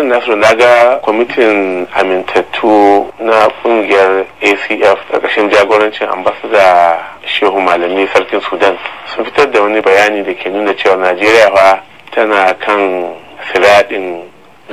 malam nasu na ga kwamitin amintattu na kungiyar acf ƙarƙashin jagorancin ambasada shehu malami sarkin sudan sun fitar da wani bayani da ke nuna cewa najeriya fa tana kan siraɗin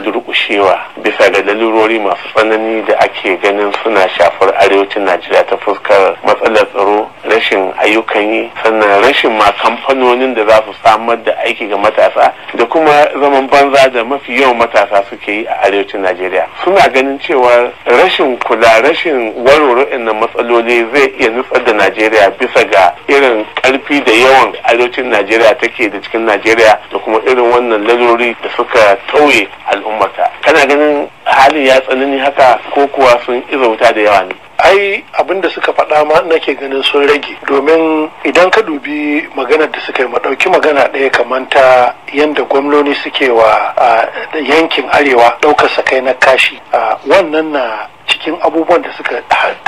durƙushewa bisa ga lalurori masu tsanani da ake ganin suna shafar arewacin najeriya ta fuskar matsalar tsaro rashin ayyukan yi sannan rashin ma kamfanonin da za su samar da aiki ga matasa da kuma zaman banza da mafi yawan matasa suke yi a arewacin najeriya suna ganin cewa rashin kula rashin warware na matsaloli zai iya nutsar da najeriya bisa ga irin karfi da yawan arewacin najeriya take da cikin najeriya da kuma irin wannan lalurori da suka tauye al'umma kana ganin halin ya tsanani haka ko kuwa sun izauta da yawa ne ai abin da suka faɗa ma nake ganin sun rage domin idan ka dubi maganar da suka yi ɗauki magana ɗaya kamar ta yadda gwamnoni suke wa yankin arewa ɗaukar sakai na kashi wannan na cikin abubuwan da suka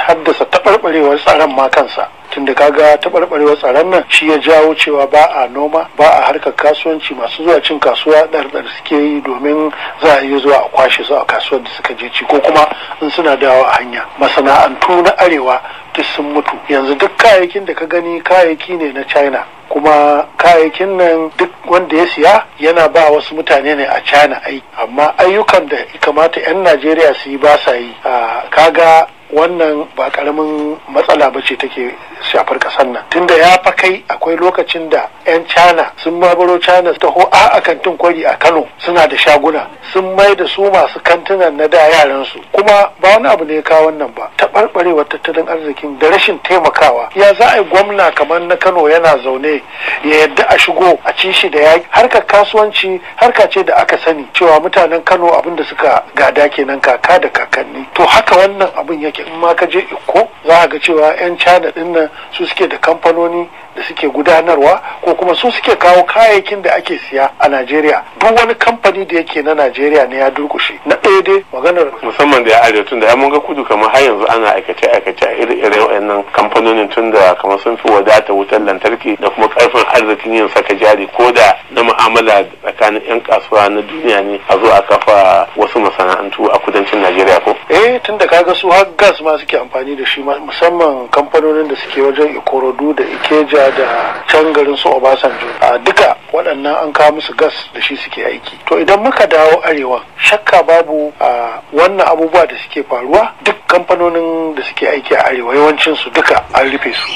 haddasa taɓarɓarewar tsaron ma kansa tunda kaga taɓarɓarewar tsaron nan shi ya jawo cewa ba a noma ba a harkar kasuwanci masu zuwa cin kasuwa ɗarɗar suke yi domin za a yi zuwa a kwashe su a kasuwar da suka je ci ko kuma in suna dawo a hanya masana'antu na arewa duk sun mutu yanzu duk kayayyakin da ka gani kayayyaki ne na china kuma kayayyakin nan duk wanda ya siya yana ba wasu mutane ne a china aiki amma ayyukan da kamata 'yan najeriya su yi ba sa yi ah, kaga wannan ba karamin matsala ba ce take shafar kasar nan tunda ya fa kai akwai lokacin da 'yan china sun mabaro cana taho a a kantin kwari a kano suna da shaguna sun mai da su masu kantunan na da yaransu kuma ba wani abu ne ya kawo wannan ba taɓarɓarewar tattalin arzikin da rashin taimakawa ya za a yi gwamna kamar na kano yana zaune ya yadda a shigo a ci shi da yaƙi harkar kasuwanci harka ce da aka sani cewa mutanen kano abin da suka gada kenan kaka da kakanni to haka wannan abin yake in ma ka je iko za a ga cewa 'yan china din nan su suke da kamfanoni da suke gudanarwa ko kuma su suke kawo kayayyakin da ake siya a Najeriya duk wani kamfani da yake na Najeriya ne ya durkushe na ɗaya dai maganar musamman da ya ajiye tun da ya mun ga kudu kamar har yanzu ana aikace aikace a ire-ire wayannan kamfanonin tun da kamar sun fi wadata wutar lantarki da kuma karfin arzikin yin saka jari ko da na mu'amala tsakanin 'yan kasuwa na duniya ne a zo a kafa wasu masana'antu a kudancin Najeriya ko? Eh tun da kaga su har gas ma suke amfani da shi musamman kamfanonin da suke wajen Ikorodu da Ikeja da can garin su Obasanjo a duka waɗannan an kawo musu gas da shi suke aiki to idan muka dawo arewa shakka babu a wannan abubuwa da suke faruwa duk kamfanonin da suke aiki a arewa yawancin su duka an rufe su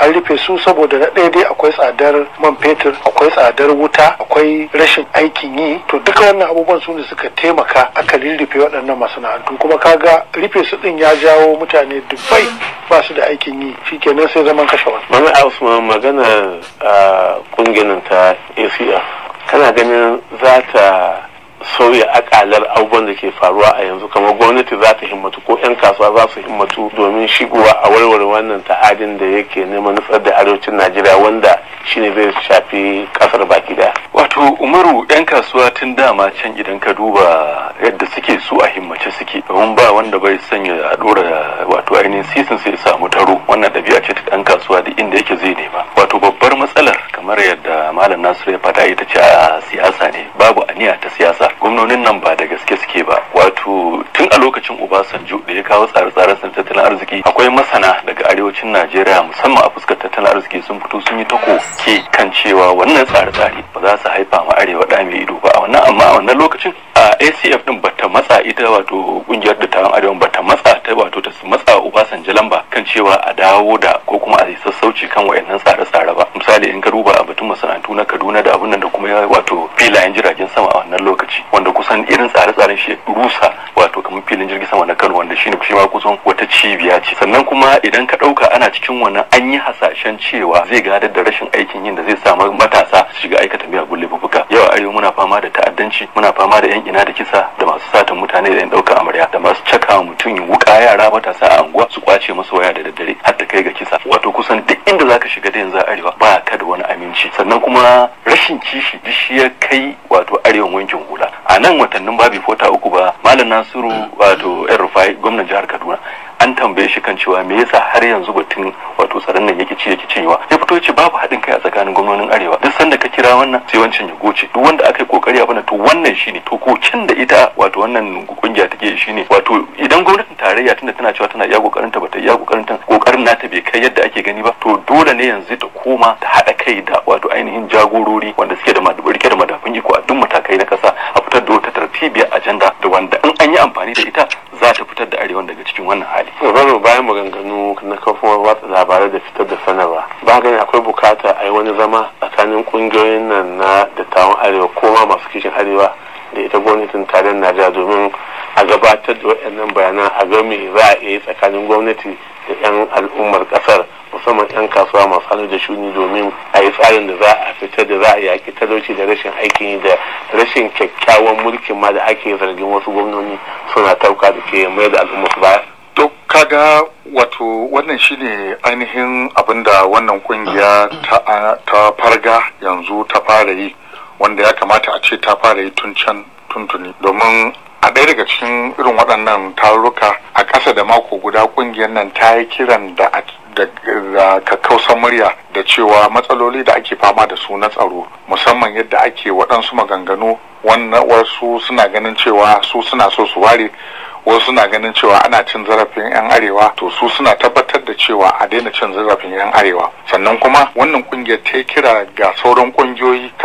an rufe su saboda na ɗaya dai akwai tsadar man fetur akwai tsadar wuta akwai rashin aikin yi to duka wannan abubuwan su ne suka taimaka aka lirife waɗannan masana'antu kuma kaga rufe su ɗin ya jawo mutane dubbai ba su da aikin yi shikenan sai zaman kashe wani. Mami Usman magana a kungiyar ta kana ganin za ta sauya akalar abubuwan da ke faruwa a yanzu kamar gwamnati za ta himmatu ko 'yan kasuwa za su himmatu domin shigowa a warware wannan ta'adin da yake neman nutsar da arewacin najeriya wanda shine zai shafi kasar baki daya wato umaru yan kasuwa tun dama can idan ka duba yadda suke su a himmace suke domin ba wanda bai sanya a dora wato ainihin sisin sai samu taro wannan ɗabi'a ce ta ɗan kasuwa duk inda yake zai nema wato babbar matsalar kamar yadda malam nasiru ya faɗa ita ce a siyasa ne babu aniya ta siyasa gwamnonin nan ba da gaske suke ba wato tun a lokacin obasanjo da ya kawo tsare-tsaren san tattalin arziki akwai masana daga arewacin najeriya musamman a fuskar tattalin arziki sun fito sun yi ta koke kan cewa wannan tsare-tsare ba za su haifa ma arewa da mai ido ba a wannan amma a wannan lokacin a acf din bata matsa ita wato kungiyar da taron arewa bata matsa wato ta su matsa Obasanjo lamba kan cewa a dawo da ko kuma a sassauci kan wayannan tsare-tsare ba misali in ka duba a batun masana'antu na Kaduna da abun nan da kuma wato filayen jiragen sama a wannan lokaci wanda kusan irin tsare-tsaren shi rusa wato kamar filin jirgin sama na Kano wanda shine shi kusan wata cibiya ce sannan kuma idan ka dauka ana cikin wannan an yi hasashen cewa zai gadar da rashin aikin yin da zai samu matasa su shiga aikata miyagun laifuka Yau arewa muna fama da ta'addanci muna fama da yan ina da kisa da masu satan mutane da yan dauka amarya da masu caka mutum wukaya yara matasa a anguwa su kwace masa waya da daddare har ta kai ga kisa wato kusan duk inda zaka shiga da yanzu arewa ba ka da wani aminci sannan kuma rashin kishi duk shi ya kai wato arewan wankin hula a nan watannin babi fota uku ba malam nasiru wato yan rufai gwamnan jihar kaduna an tambaye shi kan cewa me yasa har yanzu batun wato tsaron nan yake ci yake cinyewa ya fito ce babu haɗin kai a tsakanin gwamnonin arewa duk sanda ka kira wannan sai wancan ya goce duk wanda aka yi kokari a bana to wannan shine to ko koken da ita wato wannan kungiya take shine wato idan gwamnatin tarayya tunda tana cewa tana iya kokarin ta bata iya kokarin ta kokarin nata bai kai yadda ake gani ba to dole ne yanzu ta koma ta haɗa kai da wato ainihin jagorori wanda suke da rike da madafin iko a duk matakai na ƙasa a fitar da wata tartibiyar ajanda da wanda in an yi amfani da ita za ta fitar da arewan daga cikin wannan hali. bayan maganganu na kafin watsa labarai da fitar da sanarwa ba gani akwai bukata a yi wani zama tsakanin kungiyoyin nan na dattawan arewa ko ma masu kishin arewa da ita gwamnatin tarayyar najeriya domin a gabatar da waɗannan bayanan a ga me za a yi tsakanin gwamnati da 'yan al'ummar ƙasar musamman 'yan kasuwa masu hannu da shuni domin a yi tsarin da za a fitar da za a yaƙi talauci da rashin aikin yi da rashin kyakkyawan mulkin ma da ake zargin wasu gwamnoni suna tauka da ke mai da al'ummar baya kaga wato wannan shine ainihin abin da wannan kungiya ta farga yanzu ta fara yi wanda ya kamata a ce ta fara yi tun can tuntuni domin a ɗaya daga cikin irin waɗannan taruka a ƙasa da mako guda ƙungiyar nan ta yi kiran da kakkausan murya da cewa matsaloli da ake fama da su na tsaro musamman yadda ake waɗansu maganganu wasu suna ganin cewa su suna so su ware wasu na ganin cewa ana cin zarafin yan arewa to su suna tabbatar da cewa a daina cin zarafin yan arewa sannan kuma wannan kungiyar ta kira ga sauran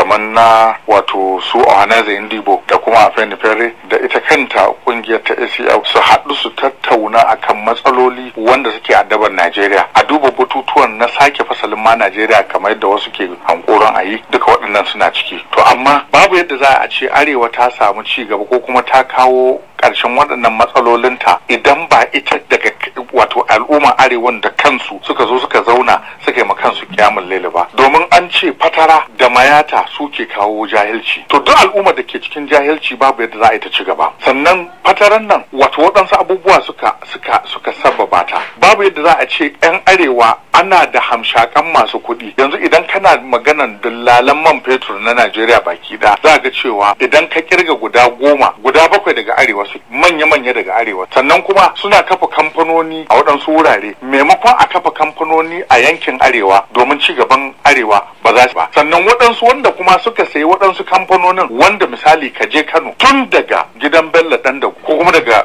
kamar na wato su Ohanaeze Indibo da kuma Afenifere da ita kanta kungiyar ta ACL su haɗu su tattauna a kan matsaloli wanda suke addabar Najeriya a duba bututuwan na sake fasalin ma Najeriya kamar yadda wasu ke hankoron a yi duka waɗannan suna ciki to amma babu yadda za a ce arewa ta samu ci gaba ko kuma ta kawo ƙarshen waɗannan matsalolinta idan ba ita daga wato al'umman arewan da kansu suka zo suka zauna suka yi ma kansu kyamun lele ba domin an ce fatara da mayata su ke kawo jahilci to duk al'umma da ke cikin jahilci babu yadda za a yi ta ci gaba sannan fataran nan wato waɗansu abubuwa suka suka suka sababa ta babu yadda za a ce 'yan arewa ana da hamshakan masu kuɗi yanzu idan kana maganan dillalan man fetur na Najeriya baki da za ga cewa idan ka kirga guda goma guda bakwai daga arewa su manya-manya daga arewa sannan kuma suna kafa kamfanoni a waɗansu wurare maimakon a kafa kamfanoni a yankin arewa domin ci gaban arewa ba za su ba sannan waɗansu wanda kuma suka sayi waɗansu kamfanonin wanda misali ka je kano tun daga gidan bello ɗan da ko kuma daga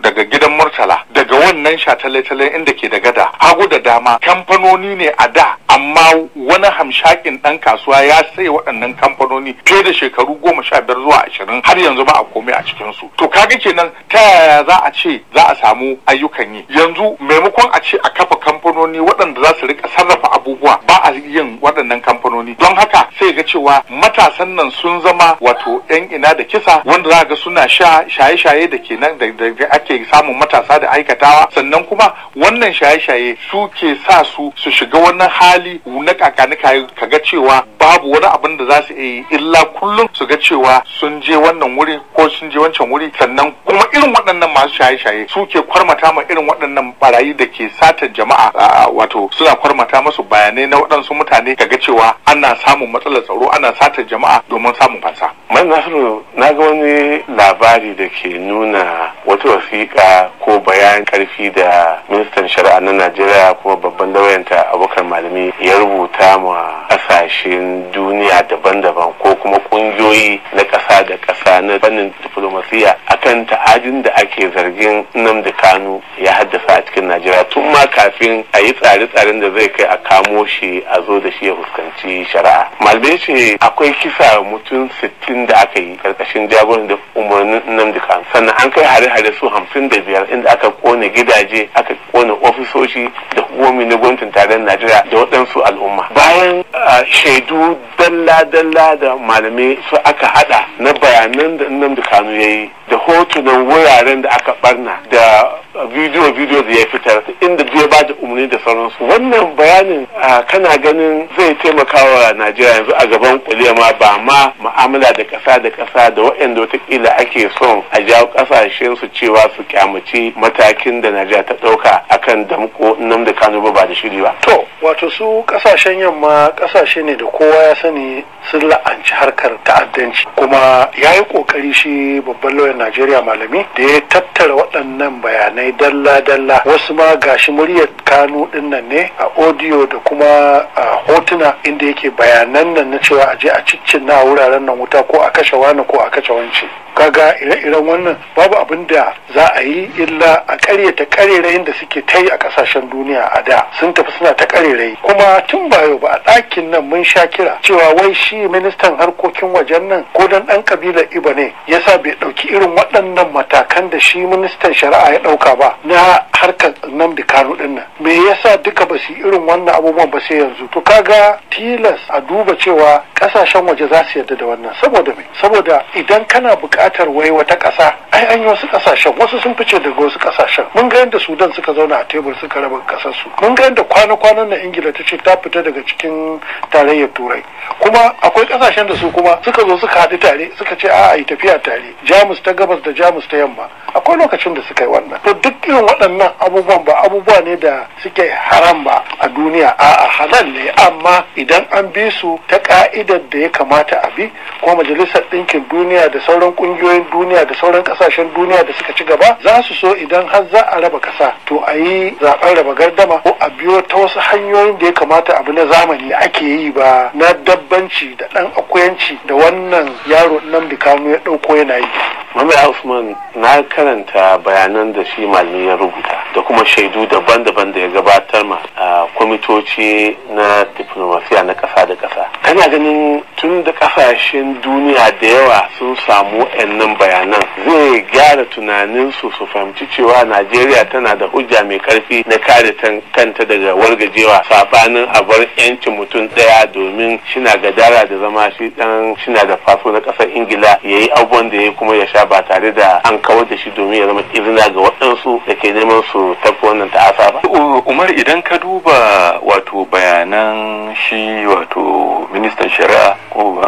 daga gidan murtala daga wannan shataletale inda ke da gada hagu da dama kamfanoni ne a da amma wani hamshakin ɗan kasuwa ya sai waɗannan kamfanoni fiye da shekaru goma sha biyar zuwa ashirin har yanzu ba a komai a cikinsu to kaga kenan ta yaya za a ce za a samu ayyukan yi yanzu maimakon a ce a kafa kamfanoni waɗanda za su rika sarrafa abubuwa ba a yin waɗannan kamfanoni don haka sai ga cewa matasan nan sun zama wato yan ina da kisa wanda za ga suna sha shaye-shaye da kenan da ake samun matasa da aikatawa sannan kuma wannan shaye-shaye su ke sa su su shiga wannan hali misali na kakani ka ga cewa babu wani abin da za su yi illa kullum su ga cewa sun je wannan wuri ko sun je wancan wuri sannan kuma irin waɗannan masu shaye-shaye su ke kwarmata ma irin waɗannan barayi da ke satar jama'a wato suna kwarmata masu bayanai na waɗansu mutane ka ga cewa ana samun matsalar tsaro ana satar jama'a domin samun fasa. Man Nasiru na ga wani labari da ke nuna wata wasiƙa ko bayan ƙarfi da ministan shari'a na Najeriya kuma babban lauyanta abokan malami ya rubuta ma kasashen duniya daban-daban ko kuma kungiyoyi na ƙasa da ƙasa na fannin diplomasiya akan ta'adin da ake zargin da Kanu ya haddasa a cikin Najeriya tun ma kafin a yi tsare-tsaren da zai kai a kamo shi a zo da shi ya fuskanci shari'a. malbai ce akwai kisa mutum sittin da aka yi karkashin jagoran da umarnin da Kanu sannan an kai hare-hare su hamsin da biyar inda aka kone gidaje aka kone ofisoshi da hukumomi na gwamnatin tarayyar Najeriya da waɗansu su al'umma bayan shaidu dalla-dalla da malamai su aka hada na bayanan da nan da kanu ya yi da hotunan wuraren da aka barna da bidiyo bidiyo da ya fitar inda zai ba da umarni da sauransu wannan bayanin kana ganin zai taimaka wa najeriya yanzu a gaban kulema ba ma ma'amala da kasa da ƙasa da waɗanda watakila ake son a jawo ƙasashen su cewa su kyamaci matakin da najeriya ta ɗauka akan damko nan da kano ba da shiri ba to wato su ƙasashen yamma kasashe ne da kowa ya sani sun la'anci harkar ta'addanci kuma ya yi ƙoƙari shi babban lauyan Najeriya malami da ya tattara waɗannan bayanai dalla-dalla wasu ma gashi muryar kanu ɗin nan ne a audio da kuma a hotuna inda yake bayanan nan na cewa a je a ciccin na wuraren nan wuta ko a kashe wani ko a kashe wance. kaga ire-iren wannan babu abin da za a yi illa a karyata karerayin da suke ta yi a kasashen duniya a da sun tafi suna ta karerayi kuma tun ba yau ba a ɗakin nan mun sha kira cewa wai shi ministan harkokin wajen nan ko dan ɗan kabilar iba ne yasa bai ɗauki irin waɗannan matakan da shi ministan shari'a ya ɗauka ba na harkar da Kano din nan me yasa duka ba su irin wannan abubuwan ba sai yanzu to ka ga tilas a duba cewa ƙasashen waje za su yadda da wannan saboda me saboda idan kana buƙatar wai wata ƙasa ai an yi wasu ƙasashen wasu sun fice daga wasu ƙasashen mun ga yadda Sudan suka zauna a tebur suka raba ƙasar su mun ga yadda kwana-kwanan na Ingila ta ce ta fita daga cikin tarayyar Turai kuma akwai ƙasashen da su kuma suka zo suka haɗu tare suka ce a'a yi tafiya tare Jamus ta gabas da Jamus ta yamma akwai lokacin da suka yi wannan to duk irin waɗannan abubuwan ba abubuwa ne da suke haram ba a duniya a'a halal ne amma idan an bi su ta ka'idar da ya kamata a bi kuma majalisar ɗinkin duniya da sauran ƙungiyoyin duniya da sauran ƙasashen duniya da suka ci gaba za su so idan har za a raba ƙasa to a yi zaɓen raba gardama ko a biyo ta wasu hanyoyin da ya kamata abu na zamani ake yi ba na dabbanci da ɗan akuyanci da wannan yaro nan bikanu ya ɗauko yana yi Mamaya Usman na karanta bayanan da shi malamin ya rubuta da kuma shaidu daban-daban da ya gabatar ma a kwamitoci na diplomasiya na ƙasa da ƙasa. Kana ganin tun da ƙasashen duniya da yawa sun samu nan bayanan zai gyara tunanin su fahimci cewa Najeriya tana da hujja mai karfi na kare kanta daga wargajewa sabanin a bar 'yancin mutum ɗaya domin shina gadara da zama shi ɗan shina da faso na ƙasar Ingila ya yi abubuwan da ya kuma ya sha ba tare da an kawar da shi domin ya zama izina ga waɗansu da ke neman su tafi wannan ta'asa ba. Umar idan ka duba wato bayanan shi wato ministan shari'a ko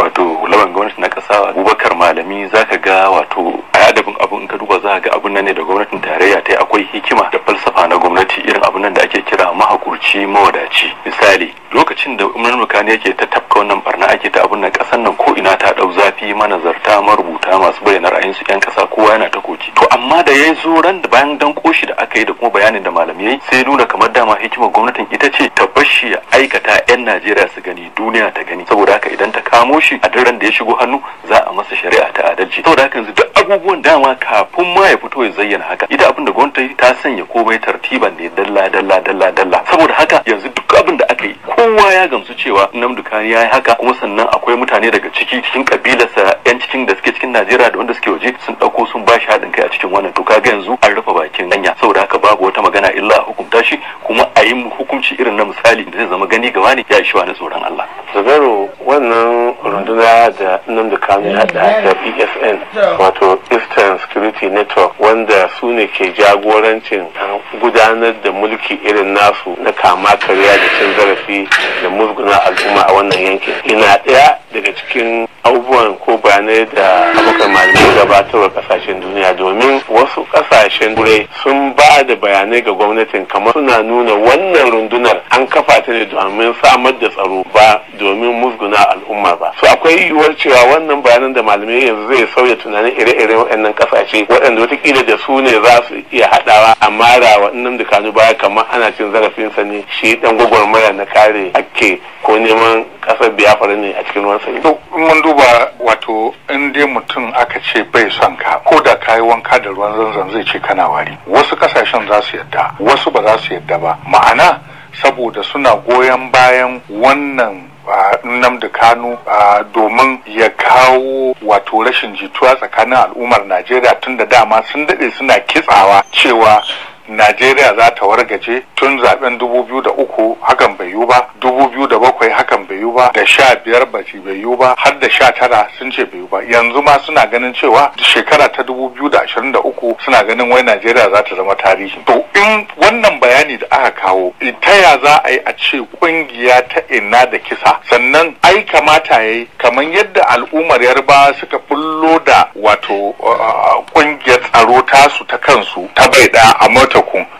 wato laban gwamnati na ƙasa Abubakar Malami zaka ga wato a adabin abu in ka duba za ga abun nan ne da gwamnatin tarayya ta yi akwai hikima da falsafa na gwamnati irin abun nan da ake kira mahakurci mawadaci misali lokacin da umar mukani yake ta tafka wannan barna ake ta abun nan ƙasan nan ko ina ta ɗau zafi manazarta marubuta masu bayan bayyana ra'ayinsu yan kasa kowa yana ta koki to amma da ya zo ran da bayan dan koshi da aka yi da kuma bayanin da malamai yayi sai nuna kamar dama hikimar gwamnatin ita ce ta bashi ya aikata yan Najeriya su gani duniya ta gani saboda haka idan ta kamo shi a daren da ya shigo hannu za a masa shari'a ta adalci saboda haka yanzu duk abubuwan dama kafin ma ya fito ya zayyana haka ita abin da gwamnati ta sanya komai tartiban ne dalla dalla dalla dalla saboda haka yanzu duk abin da kowa ya gamsu cewa namdu Kani ya yi haka kuma sannan akwai mutane daga ciki cikin kabilarsa yan cikin da suke cikin Najeriya da wanda suke waje sun dauko sun ba shi haɗin kai a cikin wannan to kaga yanzu an rufe bakin hanya saboda haka babu wata magana illa hukunta shi kuma a yi mu hukunci irin na misali da zai zama gani ga ne ya ishiwa na tsoron Allah. Zubairu wannan runduna da nan da kamun hada da ESN wato Eastern Security Network wanda su ne ke jagorancin gudanar da mulki irin nasu na kama karya da cin zarafi da musguna al'umma a wannan yankin. Ina ɗaya daga cikin abubuwan ko bayanai da abokan malamai gabatarwa kasashen duniya domin wasu kasashen turai sun ba da bayanai ga gwamnatin kamar suna nuna wannan rundunar an kafa ta ne domin samar da tsaro ba domin musguna al'umma ba su akwai yiwuwar cewa wannan bayanan da malamai yanzu zai sauya tunanin ire-ire waɗannan kasashe waɗanda watakila da su ne za su iya haɗawa amma ra nan da baya kamar ana cin zarafin ne shi dan gwagwarmaya na kare hakke ko neman ƙasar biyafara ne a cikin wani duba wato in dai mutum aka ce bai son ka ko da ka yi wanka da ruwan zanzan zai ce kana wari wasu kasashen za su yadda wasu ba za su yadda ba ma'ana saboda suna goyon bayan wannan da Kanu domin ya kawo wato rashin jituwa tsakanin al'ummar Najeriya tun da dama sun daɗe suna kitsawa cewa Najeriya za ta wargaje tun zaben 2003 hakan bai yiwu ba 2007 yiwu ba da sha biyar ba bai yiwu ba har da sha tara sun ce bai yiwu ba yanzu ma suna ganin cewa shekara ta dubu biyu da ashirin da uku suna ganin wai najeriya za ta zama tarihi to in wannan bayani da aka kawo ta ya za a yi a ce kungiya ta ina da kisa sannan ai kamata ya yi kamar yadda al'ummar yarbawa suka bullo da wato kungiyar tsaro tasu ta kansu ta bai da a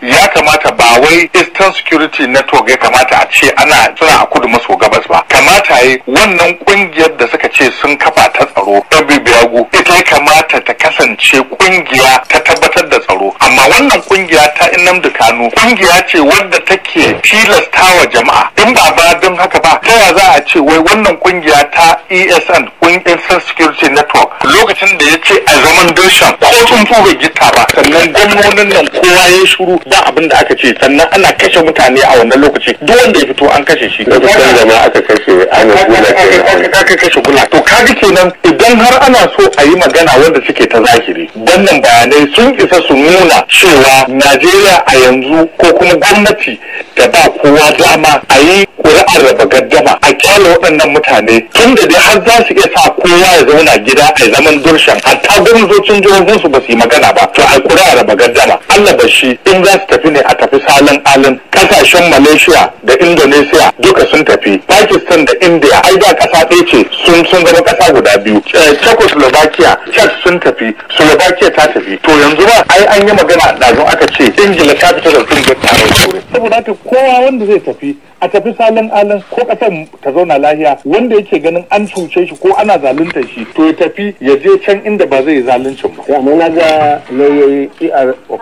ya kamata ba wai Eastern Security Network ya kamata a ce ana suna a kudu maso gabas ba kamata yi wannan kungiyar da suka ce sun kafa ta tsaro ta bibiyagu ita ya kamata ta kasance kungiya ta tabbatar da tsaro amma wannan kungiya ta da Kanu kungiya ce wadda take tilasta wa jama'a in ba ba don haka ba ta ya za a ce wai wannan kungiya ta ESN Eastern Security Network lokacin da ya ce a zaman Ko tun fu bai gita ba sannan gwamnonin nan kowa ya shuru ba abin da aka ce sannan ana kashe mutane a wannan lokaci duk wanda ya fito an kashe shi lokacin da ma aka kashe ana gula aka kashe gula to kaji kenan idan har ana so a yi magana wanda suke ta zahiri wannan bayanai sun isa su nuna cewa Najeriya a yanzu ko kuma gwamnati da ba kowa dama a yi ƙuri'ar raba gaddama a kyale waɗannan mutane tun da dai har za su iya sa kowa ya zauna gida a zaman durshan hatta gwamnatocin jihohin su ba su yi magana ba to a kura da magaddama Allah ba shi in za su tafi ne a tafi salon alin kasashen Malaysia da Indonesia duka sun tafi Pakistan da India ai da kasa ɗaya ce sun sun zama kasa guda biyu eh, Czechoslovakia chad sun tafi slovakia ta tafi to yanzu ba ai an yi magana ɗazun aka ce ingila ta fita da sun tare a saboda ta kowa wanda zai tafi a tafi salin alin ko kasan ta zauna lahiya wanda yake ganin an cuce shi ko ana zaluntar shi to ya tafi ya je can inda ba zai zaluncin ba. amma na ga lauyoyi er ko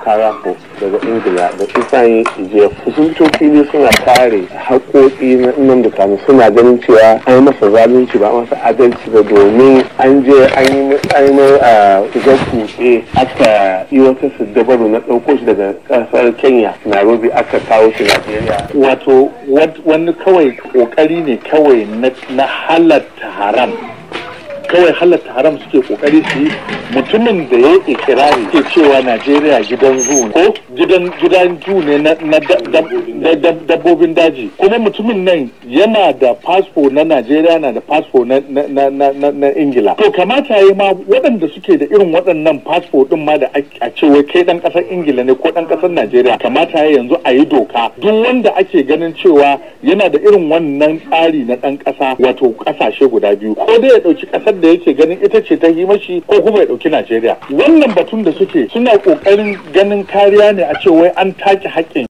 daga ingila da isan jeff sun fili suna kare haƙoƙi na nan da kamu suna ganin cewa an yi masa zalunci ba masa adalci ba domin an je an yi ne a Igarki eh, aka yi wata dabaru na ɗauko shi daga ƙasar Kenya Nairobi aka kawo shi Najeriya. Wato wani kawai ƙoƙari ne kawai na halatta haram. kawai halatta haram suke kokari su yi mutumin da ya ikirari ke cewa najeriya gidan zu ko gidan gidan zu ne na dabbobin daji kuma mutumin nan yana da fasfo na najeriya na da fasfo na ingila to kamata ya ma waɗanda suke da irin waɗannan fasfo ɗin ma da a cewa kai ɗan ƙasar ingila ne ko ɗan ƙasar najeriya kamata ya yanzu a yi doka duk wanda ake ganin cewa yana da irin wannan tsari na ɗan ƙasa wato ƙasashe guda biyu ko dai ya ɗauki ƙasar da da yake ganin ita ce ta yi mashi ko kuma ya ɗauki Najeriya. Wannan batun da suke suna ƙoƙarin ganin kariya ne a ce wai an take haƙƙin